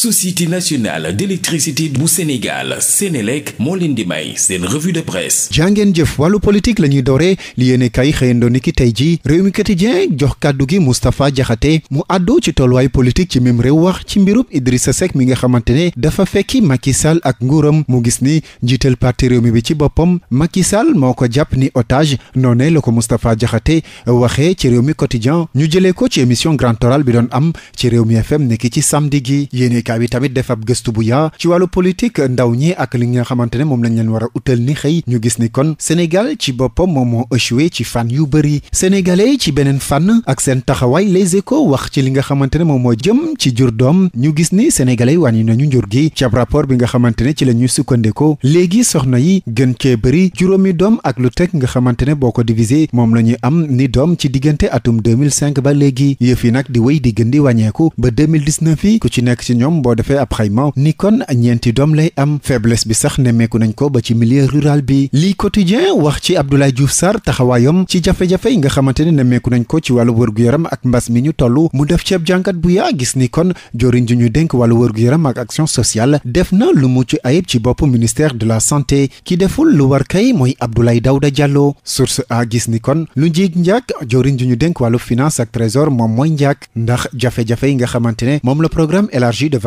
société nationale d'électricité bu Sénégal Sénélec moo leen di may seen revue de presse jàngeen jëf wàllu politique la ñuy dooree li yéene kay xëyandoo ni ki tey ji réew mi quotidien jox kàddu gi Moustapha Diakhaté mu àddu ci tolluwaay politique ci même réew wax ci mbirub Idrissa Seck mi nga xamante ne dafa fekki Macky Sall ak nguuram mu gis ni njiital parti réew mi bi ci boppam Macky Sall moo ko jàpp ni otage noonee la ko Moustapha Diakhaté waxee ci réew mi quotidien ñu jëlee ko ci émission Grand Oral bi doon am ci réew mi FM nekk ci samedi gi yéene syndicat bi tamit def ab gëstu bu yaa ci wàllu politique ndaw ñi ak li nga xamante ne moom lañ leen war a utal ni xëy ñu gis ni kon Sénégal ci boppam moom moo échoué ci fànn yu bëri sénégalais ci beneen fànn ak seen taxawaay Les ko wax ci li nga xamante ne moom moo jëm ci jur doom ñu gis ni sénégalais wàññi nañu njur gi ci ab bi nga xamante ne ci la ñuy sukkandikoo léegi soxna yi gën cee bëri juróomi doom ak lu teg nga xamante ne boo ko divisé moom la ñuy am ni doom ci diggante atum 2005 ba léegi yëf yi nag di wéy di gën wàññeeku ba 2019 yi ku ci nekk ci ñoom moom boo defee ab xayma ni kon ñeenti doom lay am faiblesse bi sax nemmeeku nañ ko ba ci milieu rural bi li quotidien wax ci Abdoulaye Diouf Sarr taxawaayam ci jafe-jafe yi nga xamante ne nemmeeku nañ ko ci wàllu wërgu-yaram ak mbas mi ñu toll mu def ceeb jàngat bu yaa gis ni kon joriñ ji ñu denk wàllu wërgu-yaram ak action sociale def na lu mucc ayib ci bopp ministère de la santé ki deful lu war kay mooy Abdoulaye Daouda Diallo source a gis ni kon lu njiig njàkk joriñ ji ñu dénk wàllu finance ak trésor moom mooy njàkk ndax jafe yi nga xamante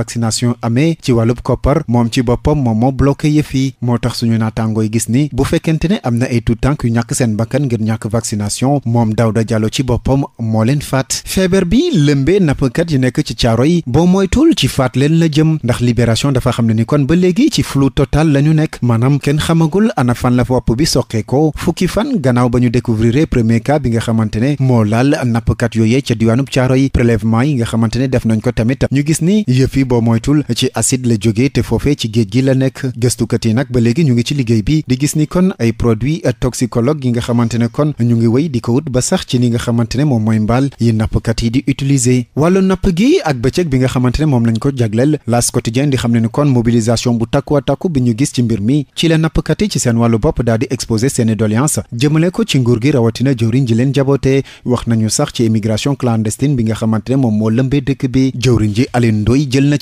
vaccination amee ci wàllub koppar moom ci boppam moom moo bloqué yëf yi moo tax suñu naataangooy gis ni bu fekkente ne am na ay tout tànk yu ñàkk seen bakkan ngir ñàkk vaccination moom Daouda Diallo ci boppam moo leen faat feebar bi lëmbee nappkat yi nekk ci caaro yi boo moytul ci faat leen la jëm ndax libération dafa xam ne ni kon ba léegi ci flou total la ñu nekk maanaam kenn xamagul ana fan la wopp bi soqee ko fukki fan gannaaw ba ñu découvrir premier cas bi nga xamante ne moo laal nappkat yooyee ca diwaanub caaro yi prélèvement yi nga xamante ne def nañ ko tamit ñu gis ni yëf boo moytul ci acide la jógee te foofee ci géej gi la nekk gëstukat nag ba léegi ñu ngi ci liggéey bi di gis ni kon ay produits toxicologue yi nga xamante ne kon ñu ngi wéy di ko ba sax ci li nga xamante ne moom mooy mbaal yi nappkat yi di utiliser wàllu napp gi ak bëccëg bi nga xamante ne moom lañ ko jagleel L'As Quotidien di xam ne ni kon mobilisation bu takku a takku bi ñu gis ci mbir mi ci la nappkat yi ci seen wàllu bopp daal di exposé seeni doléance jëmale ko ci nguur gi rawatina jëwriñ ji leen jabootee wax nañu sax ci immigration clandestine bi nga xamante ne moom moo lëmbee dëkk bi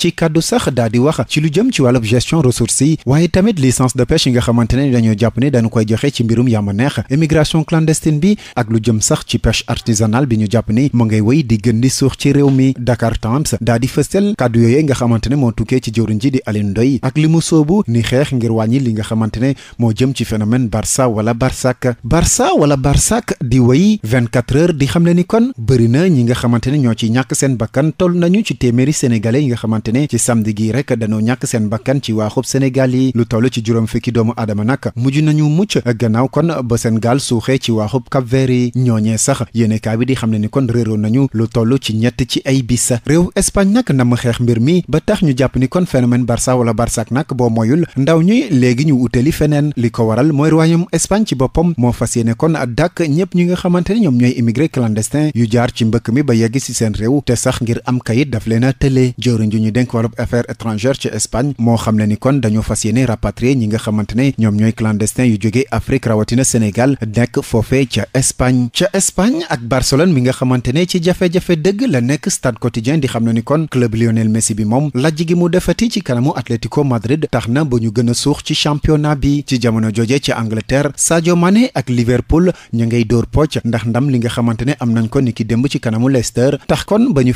ci kàddu sax daa di wax ci lu jëm ci wàllub gestion ressources yi waaye tamit licence de pêche yi nga xamante ne dañoo jàpp ne dañu koy joxe ci mbirum yàmba neex immigration clandestine bi ak lu jëm sax ci pêche artisanale bi ñu jàpp ni mu ngay wéy di gën di suux ci réew mi Dakar Times daa di fësal kàddu yooyee nga xamante ne moo tukkee ci jëwriñ ji di Alioune Ndoye ak li mu soobu ni xeex ngir wàññi li nga xamante ne moo jëm ci phénomène Barça wala Barsak Barça wala Barsak di wéy 24 heures di xam le ni kon bëri na ñi nga xamante ne ñoo ci ñàkk seen bakkan toll nañu ci téeméeri sénégalais yi nga xamante ne ci samedi gi rek dañoo ñàkk seen bakkan ci waaxub Sénégal yi lu toll ci juróom fukki doomu aadama nag mujj nañu mucc gannaaw kon ba seen gaal suuxee ci waaxub Cap-Vert yi ñooñee sax yéenekaay bi di xam ne ni kon réeroon nañu lu toll ci ñett ci ay bis réew Espagne nak na ma xeex mbir mi ba tax ñu jàpp ni kon phénomène Barça wala Barsak nag boo moyul ndaw ñi léegi ñu utali feneen li ko waral mooy royaume Espagne ci boppam moo fas yéene kon dàkk ñëpp ñi nga xamante ne ñoom ñooy immigré clandestin yu jaar ci mbëkk mi ba yegg ci seen réew te sax ngir am kayit daf leen a tëlee jëwriñ ju ñu dénk wàllub affaires étrangères ci Espagne moo xam ne ni kon dañoo fas yéene rapatrier ñi nga xamante ne ñoom ñooy clandestin yu jógee Afrique rawatina Sénégal nekk foofee ca Espagne ak Barcelone mi nga xamante ci jafe-jafe dëgg la nekk Stade Quotidien di xam ne ni kon club Lionel Messi bi moom lajj gi mu defati ci kanamu Atlético Madrid tax na ba ñu gën a suux ci championnat bi ci jamono jooje ci Angleterre Sadio ak Liverpool ñu ngay dóor pocc ndax ndam li nga xamante ne am nañ ko ni ki démb ci kanamu Leicester tax kon ba ñu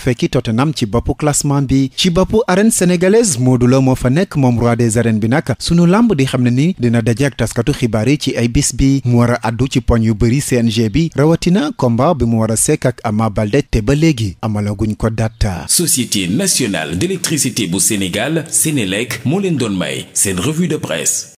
pour arène sénégalaise Modou Lo moo fa nekk moom roi des arènes bi nag sunu làmb di xam ne ni dina daje ak taskatu xibaar yi ci ay bis bi mu war a addu ci poñ yu bëri CNG bi rawatina combat bi mu war a sekk ak Ama Baldé te ba léegi amalaguñ ko data. Société nationale d'électricité bu Sénégal Sénélec moo leen doon may seen revue de presse.